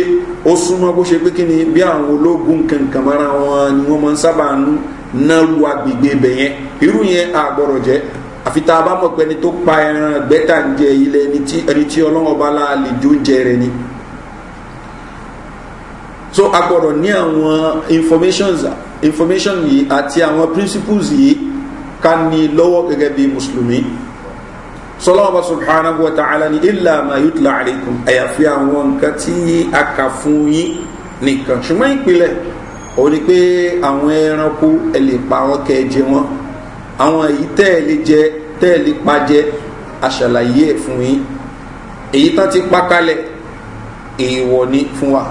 ó súnmọ́ bó ṣe pé kí ni bí àwọn ológun kankan mara wọn ni wọ́n máa ń sábà ń náwó agbègbè ibẹ̀ yẹn irú yẹn àgbọ̀rọ̀ jẹ́ àfi tá a bá mọ̀ pé ẹni tó pa ẹran gbẹ́tà ń jẹ ilẹ̀ ẹni tí ọlọ́wọ́ bá la lè jó jẹ rẹ ni so a gbọ́dọ̀ ní àwọn informations information yìí àti àwọn principles yìí ká ní lọ́wọ́ gẹ́gẹ́ bí mùsùlùmí sọlọ́wọ́ subhanahu wa ta'ala ni ilà ma yutla alaykum àyàfi àwọn nǹkan tí a kà fún yín nìkan ṣùgbọ́n ìpìlẹ̀ òní pé àwọn ẹranko ẹ lè pa wọn kẹ́ ẹ jẹ wọn àwọn èyí tẹ́ẹ̀lì jẹ tẹ́ẹ̀lì pa jẹ aṣàlàyé ẹ̀ fún yín èyí tán ti pa kalẹ̀ èèwọ̀ ni fún wa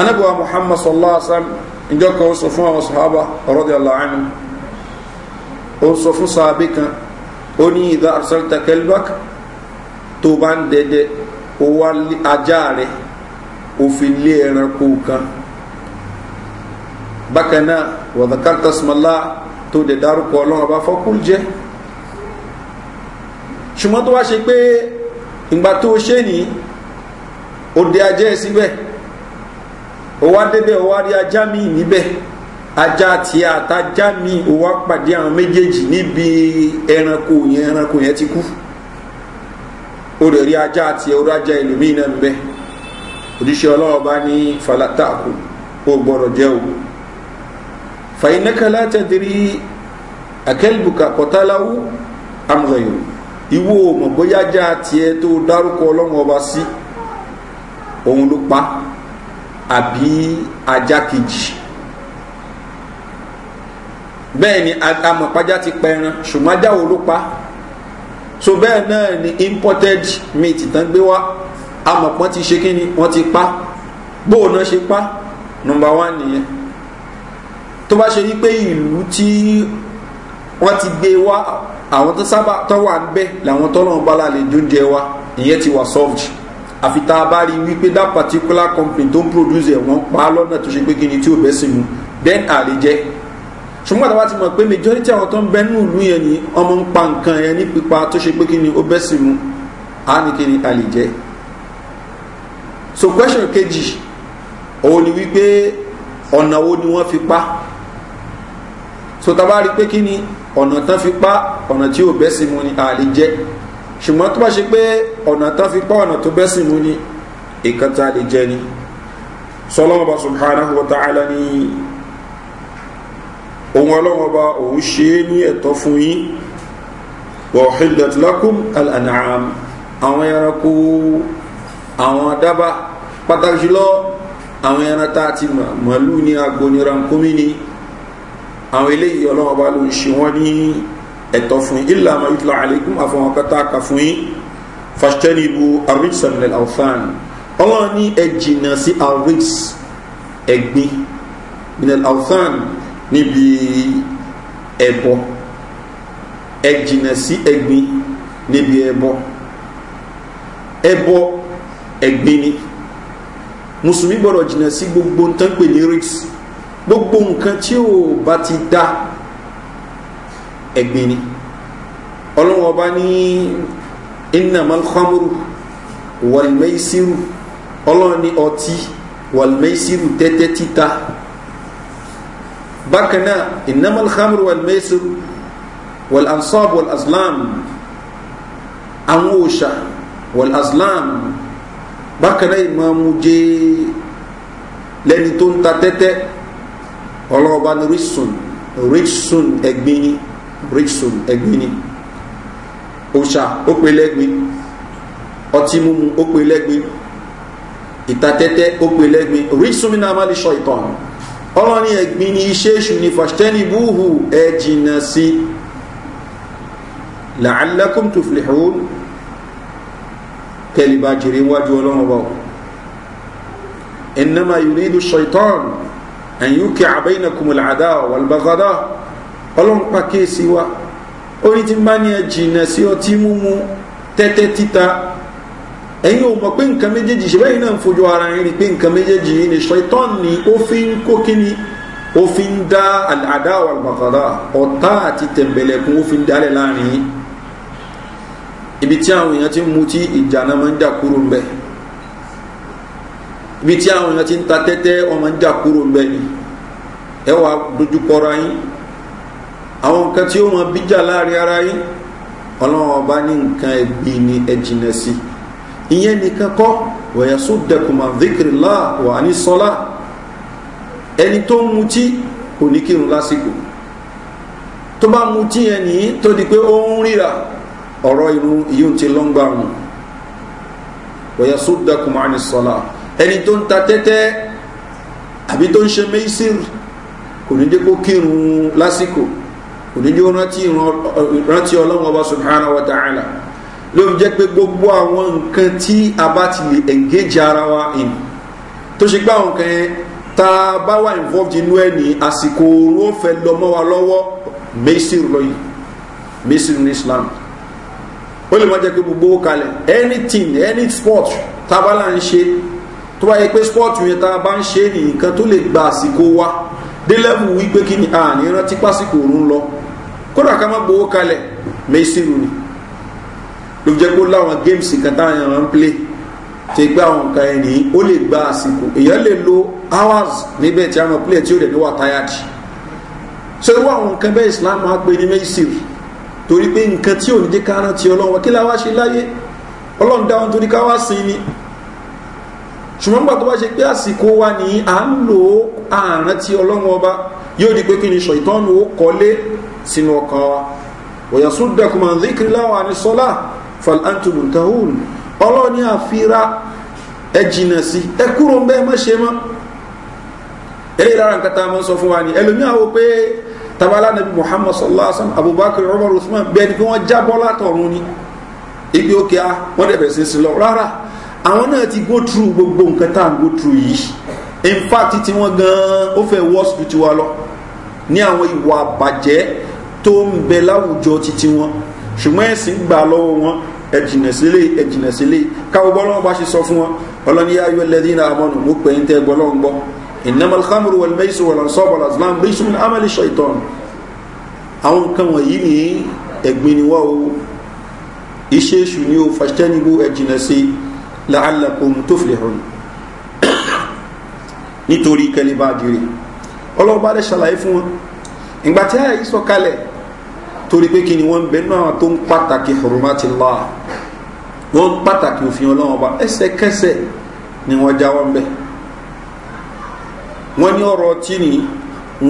anábọ̀wá muhammad sallallahu alaihi wa sallam ìjọ kan ó sọ fún àwọn sàhábà radiyallahu anhu ó sọ fún sàábì kan ó ní ìdá arsalta kalbak tó bá ń dẹdẹ ó wá ajá rẹ̀ ó lé ẹranko kan bákan náà wàdàkàtà smallah To dẹ̀ dárúkọ ọlọ́run ọba fọ́kúl jẹ́ ṣùgbọ́n tó wá ṣe pé ìgbà tó ṣe ní òde ajẹ́ síbẹ̀ débẹ̀ rí ajá mi níbẹ̀ ajá àtajá pàdé àwọn méjèèjì níbi ẹranko yẹn ẹranko yẹn ti kú ajá àti ajá náà ọba ní falata kò fàyínàkà látàdírí akẹ́lùbùkà kọtàláwù amúlẹ̀yò ìwọ mọ̀ bóyá já tiẹ̀ tó dárúkọ ọlọ́run ọba sí òun ló pa àbí ajá kejì bẹ́ẹ̀ ni amọ̀pájá ti pẹran ṣùgbọ́n wo ló pa so bẹ́ẹ̀ náà ni imported meat tán gbé wá amọ̀pọ́n ti ṣe kí ni wọ́n ti pa bóun náà ṣe pa nọmba one nìyẹn tó bá ṣe yí pé ìlú tí wọ́n ti gbé wá àwọn tó sábà tó wà ń bẹ́ làwọn tó lọ́n bala lè jóúnjẹ wa ìyẹn ti wà solved àfi tá a bá rí wípé that particular company tó ń produce ẹ̀ wọ́n pa á lọ́nà tó ṣe pé kí ni tí ò bẹ́ sí mu then àlè jẹ́ ṣùgbọ́n àtàwọn ti mọ̀ pé majority àwọn tó ń bẹ nínú ìlú yẹn ni ọmọ ń pa nǹkan yẹn ní pípa tó ṣe pé kí ni ó bẹ́ sí mu á ní kí ni àlè jẹ́ so question kejì òun ni wípé ọ̀nà wo ni wọ́n fi pa so tàbá rí pé kí ni ọ̀nà tán fi pa ọ̀nà tí ò bẹ́sìn mu ni a jẹ́ ṣùgbọ́n tó bá ṣe pé ọ̀nà tán fi pa ọ̀nà tó bẹ́sìn mu ni ìkan tá a lè jẹ́ ni sọlọ́wọ́ bá subhanahu wa ta'ala ni òun ọlọ́wọ́ bá òun ṣe é ní ẹ̀tọ́ fún yín wọ̀hílẹ̀t lakum al'an'am àwọn ẹranko àwọn dábà pàtàkì jùlọ àwọn ẹran tá a ti mọ̀ màlúù ní agbo ni àwọn eléyìí ọlọ́wọ́ bá ló ń ṣe wọ́n ní ẹ̀tọ́ fún yín ilà máa yutla aleikum àfọwọ́n kẹta kà fún yín fashtanibu arix samuel alfan ọlọ́wọ́ ní ẹ jìnnà sí arix ẹ̀gbin minel alfan níbi ẹ̀bọ ẹ jìnnà sí ẹ̀gbin níbi ẹ̀bọ ẹ̀bọ ẹ̀gbin ni mùsùlùmí gbọ́dọ̀ jìnnà sí gbogbo ntánpẹ̀ ní rix gbogbo nǹkan tí ò bá ti dá ẹ̀gbìn ni ọlọ́wọ́n ọba ní iná malhamuru wàlmẹ́sìrù ọlọ́wọ́n ní ọtí wàlmẹ́sìrù tẹ́tẹ́ títa bákan náà iná malhamuru wàlmẹ́sìrù wàlansab wàlaslam àwọn òòṣà wàlaslam bákan náà ìmọ̀ amújẹ lẹ́ni tó ń ta tẹ́tẹ́ ọlọ́ọ̀bá ní rísùn rísùn ẹgbin ni rísùn ẹgbin ni òṣà ó pe lẹ́gbin ọtí mímu ó pe lẹ́gbin ìtatẹ́tẹ́ ó pe lẹ́gbin rísùn mi náà má lè sọ ìtàn ọlọ́ni ẹ̀gbin ni iṣẹ́ èṣù ni fàṣtẹ́ni búhù ẹ sí làálẹ́kùn tó fìlẹ̀hún kẹlìbà wájú ọlọ́run bá yìí rí du ṣọ̀ìtàn ẹ̀yìn kí àbẹ́yìn kùmùlà àdá wàlbàgádá ọlọ́npa kéèsì wa ó ní tí ń bá ní ẹ jìnà sí ọtí mímu tẹ́tẹ́ títa ẹ̀yìn ò mọ̀ pé nǹkan méjèèjì ṣe báyìí náà ń fojú ara yín rí pé nǹkan méjèèjì yìí ni ṣetán ni ó fi ń kó kíni ó fi ń dá àdá wàlbàgádá ọ̀tá àti ibi tí àwọn èèyàn ti ń mutí ìjà náà máa ń dà kúrò ń ibi tí àwọn èèyàn ti ń ta tẹ́tẹ́ ọmọ ń jà kúrò ń bẹ ni ẹ wà dojúkọra yín àwọn nǹkan tí ó mọ bíjà láàrin ara yín ọlọ́run ọba ní nǹkan ẹ̀gbin ni ẹ jìnà sí ìyẹn nìkan kọ́ wẹ̀yà sódẹ̀kùnmá dhikrillah wà ní sọ́lá ẹni tó ń mutí kò ní kírun lásìkò tó bá mutí yẹn nìyí tó di pé ó ń ríra ọ̀rọ̀ irun ìyóò ti lọ́ngbà wọn wẹ̀yà sódẹ̀kùnmá ní sọ́lá ẹni tó ń ta tẹ́tẹ́ àbí tó ń ṣe mẹ́sìrì kò ní jẹ́ kó kírun lásìkò kò ní jẹ́ kó rántí ọlọ́run ọba subhanahu wa ta'ala ló fi jẹ́ pé gbogbo àwọn nǹkan tí a bá ti lè engage ara wa in tó ṣe gbá àwọn nǹkan yẹn tá bá wà involved inú ẹ̀ ní àsìkò oorun ó fẹ́ lọ mọ́ wa lọ́wọ́ mẹ́sìrì lọ́yìn mẹ́sìrì ní islam ó lè má jẹ́ pé gbogbo kalẹ̀ anything any sport tabala ń ṣe tó bá yẹ pé spọ́ọ̀tù yẹn tá a bá ń ṣe é ní tó lè gba àsìkò wa dé lẹ́bù wípé kí ni àní rántí pásìkò òun lọ kódà ká má gbowó kalẹ̀ mẹ́sìrù ni ló jẹ́ pé láwọn games kan táwọn èèyàn ń play ti gbé àwọn nǹkan ẹ̀ nìyí ó lè gba àsìkò èèyàn lè lo hours níbẹ̀ tí a mọ̀ play tí ó dẹ̀ ní wà tired so irú àwọn nǹkan bẹ́ẹ̀ Islam máa gbé ní mẹ́sìrù torí pé nǹkan tí ò ní jẹ́ ká rántí ọlọ́wọ́ kí la wá ṣe láyé ọlọ́run dáhùn torí ká wá sin ni ṣùgbọ́n gbà tó bá ṣe pé àsìkò wa ní à ń lò ó àárín tí ọlọ́run ọba yóò di pé kí ni ṣètọ́nù ó kọ́lé sínú ọkàn wa òyà súdàkùn máa ń díkiri láwọn àníṣọ́lá falantum tahun ọlọ́ni àfira ẹ jìnà sí ẹ kúrò ń bẹ́ẹ̀ má ṣe mọ́ eléyìí lára nǹkan tá a máa sọ fún wa ni ẹlòmíà wo pé tabala nabi muhammad sallallahu alaihi wa sallam abubakar umar usman bẹ́ẹ̀ ni pé wọ́n jábọ́ látọ̀run ni ibi òkè a wọ́n dẹ̀ bẹ̀ sí sí lọ rárá àwọn náà ti go through gbogbo nǹkan tá à ń go through yìí in fact tí wọ́n gan-an ó fẹ́ worse ju tiwa lọ ní àwọn ìwà àbàjẹ́ tó ń bẹ láwùjọ títí wọn ṣùgbọ́n ẹ̀sìn gbà lọ́wọ́ wọn ẹ̀jìnà sílé ẹ̀jìnà sílé káwọ́ bọ́lọ́wọ́ bá ṣe sọ fún wọn ọlọ́ni ayọ́ lẹ́dínà àmọ́nù mú pé ń tẹ́ gbọ́lọ́wọ́ gbọ́ ìnáma alhamdu wal mẹ́sù wal ansọ́bọ̀ lásìlám bí sùn amẹ́lì àwọn nǹkan wọ̀nyí ni ẹ̀gbin ni wọ́n o iṣẹ́ èṣù ni o fàṣẹ́nigbó ẹ̀jìnà sí i la'allakum tuflihun nítorí kẹlẹ́bà jèrè ọlọ́ọ̀bá lè ṣàlàyé fún wọn ìgbà tí àyà yìí sọ̀kalẹ̀ torí pé kí ni wọ́n ń bẹ náà tó ń pàtàkì hurumati Allah wọ́n ń pàtàkì òfin ọlọ́wọ́n ọba ẹsẹ̀kẹsẹ̀ ni wọ́n jáwọ́ ń bẹ̀ wọ́n ní ọ̀rọ̀ ọtí ni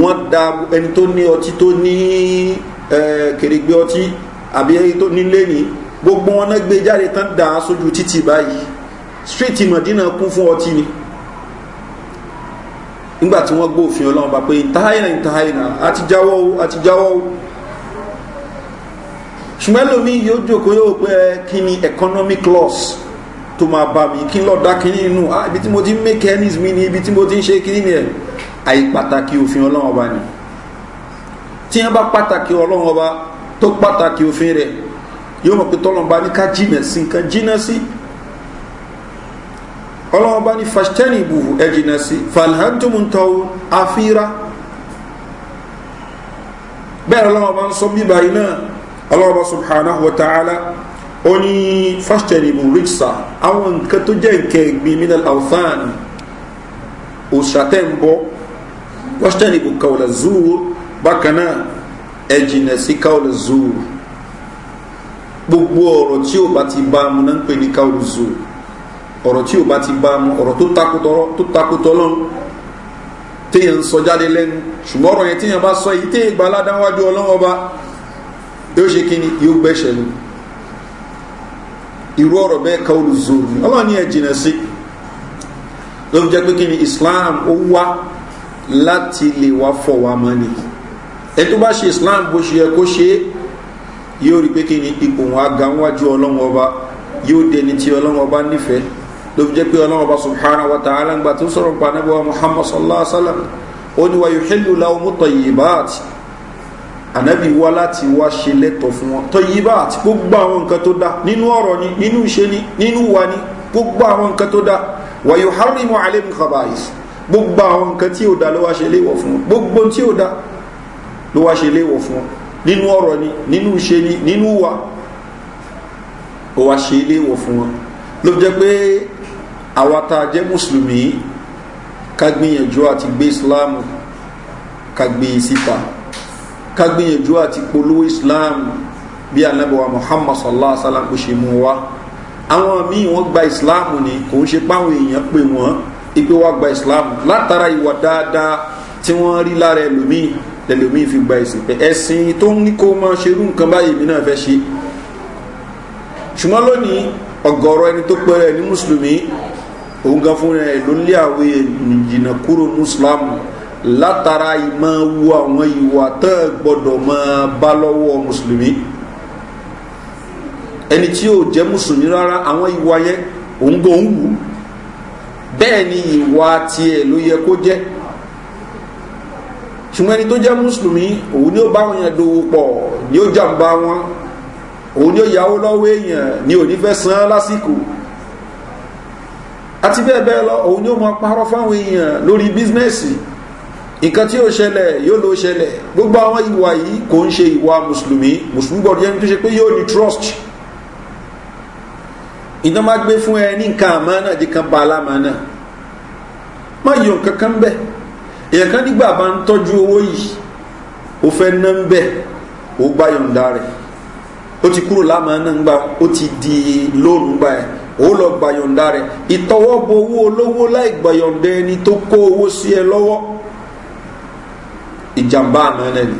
wọ́n da ẹni tó ní ọtí tó ní kèrègbè ọtí àbí ẹni tó nílé ni gbogbo wọn náà gbé jáde tán dà á sójú títì báyìí streeti madina kún fún ọtí ni nígbà tí wọ́n gbófin ọlọ́run bá pé ìtaháìnà ìtaháìnà àti jáwọ́ àti jáwọ́ ṣùgbọ́n lómi yóò jókòó yóò pé economic loss tó máa bá mi kí n lọ́ọ́ dá ah, ibi tí mo ti ń make mi ni ibi tí mo ti ń ṣe kínní ni ẹ̀ àìpàtàkì òfin ọlọ́run ọba ni tí wọ́n bá pàtàkì ọlọ́run ọba tó pàtàkì òfin rẹ̀ yóò mọ̀ pé ní ká jìnà sí nǹkan jìnà ọlọ́wọ́n bá ní fàṣtẹ́nì bù ẹ̀jìnà sí falhantumutọ́wù àfíra bẹ́ẹ̀ ọlọ́wọ́n bá ń sọ bíbá iná ọlọ́wọ́n bá subhanahu wa ta'ala ó ní fàṣtẹ́nì bù rìkṣà àwọn nǹkan tó jẹ́ nǹkan ẹ̀gbin minal alfan òṣàtẹ́ ń bọ́ fàṣtẹ́nì bù kàwùlà zuu bákan ẹ̀jìnà sí kàwùlà zuu gbogbo ọ̀rọ̀ tí ò bá ti bá mu ń pè ní kàwùlà zuu ọ̀rọ̀ tí ò bá ti bá mu ọ̀rọ̀ tó takotọ́ lọ́n téèyàn sọ jáde lẹ́nu ṣùgbọ́n ọ̀rọ̀ yẹn téèyàn bá sọ èyí téè gba aládáwájú ọlọ́wọ́ bá yóò ṣe kí ni yóò gbẹ́ṣẹ̀ lu irú ọ̀rọ̀ bẹ́ẹ̀ ká olùzòrò ni ọlọ́ọ̀ni ẹ̀ jìnà sí ló fi jẹ́ pé kí ni islam ó wá láti lè wá fọ̀ wá mọ́ ni ẹni tó bá ṣe islam bó ṣe yẹ kó ṣe é yóò rí pé kí ni ipò wọn á ga wájú ọlọ́wọ́ bá yóò dẹni tí ọlọ́wọ́ bá nífẹ̀ẹ́ ló fi jẹ́ pé ọlọ́run ọba subhanahu wa ta'ala ń gbà tó sọ̀rọ̀ pa níbo muhammad sallallahu alaihi wa sallam ó ní wàyí hìlù làwọn mú tọ̀yìbáàtì ànábì wá láti wá ṣe lẹ́tọ̀ fún wọn tọ̀yìbáàtì gbogbo àwọn nǹkan tó dá nínú ọ̀rọ̀ ni nínú iṣẹ́ ni nínú wa ni gbogbo àwọn nǹkan tó dá wàyí harimu alim khabais gbogbo àwọn nǹkan tí ò dá ló wá ṣe léwọ̀ fún gbogbo tí ò dá ló wá ṣe léwọ̀ fún wọn nínú ni nínú iṣẹ́ ni nínú wa ó wá ṣe léwọ̀ fún wọn ló fi pé àwa tá a jẹ́ mùsùlùmí ká gbìyànjú àti gbé islam ká gbé e síta ká gbìyànjú àti polówó islam bí anábọ̀wá muhammad sallallahu alaihi wa sallam kò ṣe mú wa àwọn míì wọ́n gba islam ni kò ń ṣe páwọn èèyàn pé wọ́n ipe wa gba islam látara ìwà dáadáa tí wọ́n rí lára ẹlòmíì lẹ́lòmíì fi gba ìsìn pé ẹ̀sìn tó ń ní kó máa ṣerú nǹkan báyìí mi náà fẹ́ ṣe ṣùgbọ́n lónìí ọ̀gọ̀ọ̀rọ̀ ẹni tó pẹ́rẹ́ ní mùsùlùmí òun gan fún ẹ ló ń lé àwọn ìjìnà kúrò mùsùlámù látara ìmọ̀ wu àwọn ìwà tẹ́ gbọ́dọ̀ máa bá lọ́wọ́ mùsùlùmí ẹni tí yóò jẹ́ mùsùlùmí rárá àwọn ìwà yẹn òun gan ń wù bẹ́ẹ̀ ni ìwà tiẹ̀ ló yẹ kó jẹ́ ṣùgbọ́n ẹni tó jẹ́ mùsùlùmí òun ni ó bá wọn yẹn dòwò pọ̀ ni ó jàǹbá wọn òun ni ó yàwó lọ́wọ́ èèyàn ni ò ní fẹ́ san án lásìkò àti bẹ́ẹ̀ bẹ́ẹ̀ lọ òun ni ó mọ parọ́ fáwọn èèyàn lórí bísínẹ́sì nǹkan tí ó ṣẹlẹ̀ yóò ló ṣẹlẹ̀ gbogbo àwọn ìwà yìí kò ń ṣe ìwà mùsùlùmí mùsùlùmí gbọ́dọ̀ jẹ́ nítorí pé yóò ní trust iná má gbé fún ẹ ní nǹkan àmọ́ náà di kan ba aláma náà má yọ nǹkan kan bẹ́ẹ̀ èèyàn kan nígbà bá ń tọ́jú owó yìí ó fẹ́ ná ń bẹ́ẹ̀ ó gbá yọ̀ǹda rẹ̀ ó ti kúrò láma náà ń gbà ó ti di lóòrùn gbà ẹ̀ ó lọ gbàyọ̀ǹda rẹ̀ ìtọwọ́bọ owó olówó láì gbàyọ̀ǹda ẹni tó kó owó sí ẹ lọ́wọ́ ìjàmbá àná lẹ́nu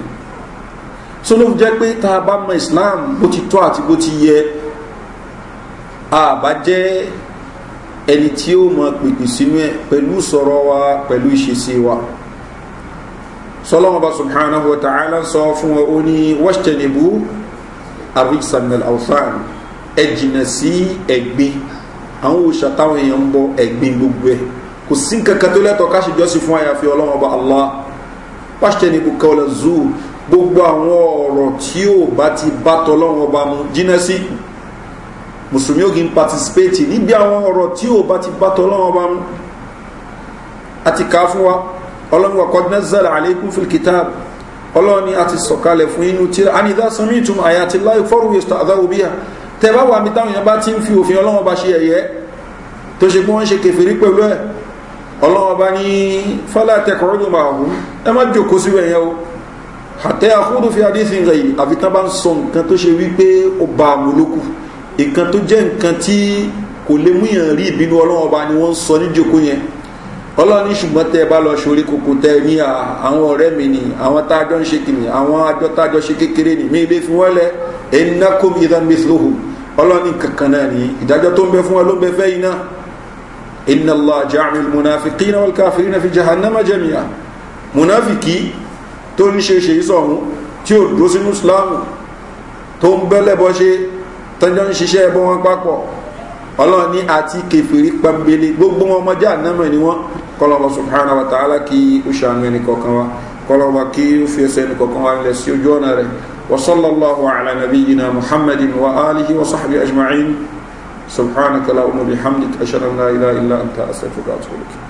so ló fi jẹ́ pé tá a bá mọ islam bó ti tọ́ àti bó ti yẹ àbá jẹ́ ẹni tí ó mọ pèpè sínú ẹ pẹ̀lú sọ̀rọ̀ wa pẹ̀lú ìṣesí wa sọlọ́wọ́n subhanahu wa ta'ala sọ fún wa ó ní wọ́ṣẹ̀ nìbú àríṣàmìlẹ̀ àwùsàn ẹ si, sí ẹ̀gbin àwọn òòṣà táwọn èèyàn ń bọ ẹ̀gbin gbogbo ẹ̀ kò sí nǹkankan tó lẹ́tọ̀ọ́ ká ṣèjọ́sìn fún àyàfi ọlọ́run ọba allah pàṣẹ ni kò kọ́lẹ̀ zoo gbogbo àwọn ọ̀rọ̀ tí ò bá ti bá tọ́lọ́run ọba mu jìnnà sí mùsùlùmí ò kì í patisipéètì níbi àwọn ọ̀rọ̀ tí ò bá ti bá tọ́lọ́run ọba mu àti ká fún wa ọlọ́run wa kọ́dínà zara aleikum filkitab ọlọ́run ni a ti sọ̀kalẹ̀ fún inú tíra anidá sami ìtumọ̀ àyàtí láì fọ́rùwé adáwòbíyà tẹ́bá wà mí táwọn èèyàn bá ti ń fi òfin ọlọ́wọ́n bá ṣe ẹ̀yẹ́ tó ṣe pé wọ́n ṣe kẹfìrí pẹ̀lú ẹ̀ ọlọ́wọ́n bá ní fọ́lá tẹkọ̀rọ́ ló máa wù ẹ má jòkó sí ẹ̀yẹ́ o àtẹ àkúrò fi adéfin rẹ̀ yìí àfi tán bá ń sọ nǹkan tó ṣe wípé ó ba àmú lókù nǹkan tó ọlọ́ni ṣùgbọ́n tẹ́ ẹ bá lọ sórí kòkò tẹ́ ẹ ní àwọn ọ̀rẹ́ mi ni àwọn tájọ́ ń ṣe kìnnì àwọn àjọ tájọ́ ṣe kékeré ni mi ilé fi wọ́n lẹ ẹ̀ńdá kó mi ìdán mi sòhò ọlọ́ni kankan náà ni ìdájọ́ tó ń bẹ fún wọn ló ń bẹ fẹ́ iná iná lọ àjọ àmì munafiki náà wọ́n káfírí náà fi jahannama jẹ́mìíyà munafiki tó ń tó ń ṣe tọ́jọ́ ń ṣiṣẹ́ àti kẹfìrí pàmbélé gbogbo ọmọdé ànámọ̀ ni wọ́n kọlọ́wọ́ subhanahu wa ta'ala kí ó ṣàánú ẹni kọ̀ọ̀kan wa kọlọ́wọ́ kí ó fi ẹsẹ̀ ẹni kọ̀ọ̀kan wa nílẹ̀ sí ojú ọ̀nà rẹ̀ wa sallallahu ala nabiyyina muhammadin wa alihi wa sahbihi ajma'in subhanaka la umu bihamdik ashhadu an la ilaha illa anta astaghfiruka wa atubu ilayk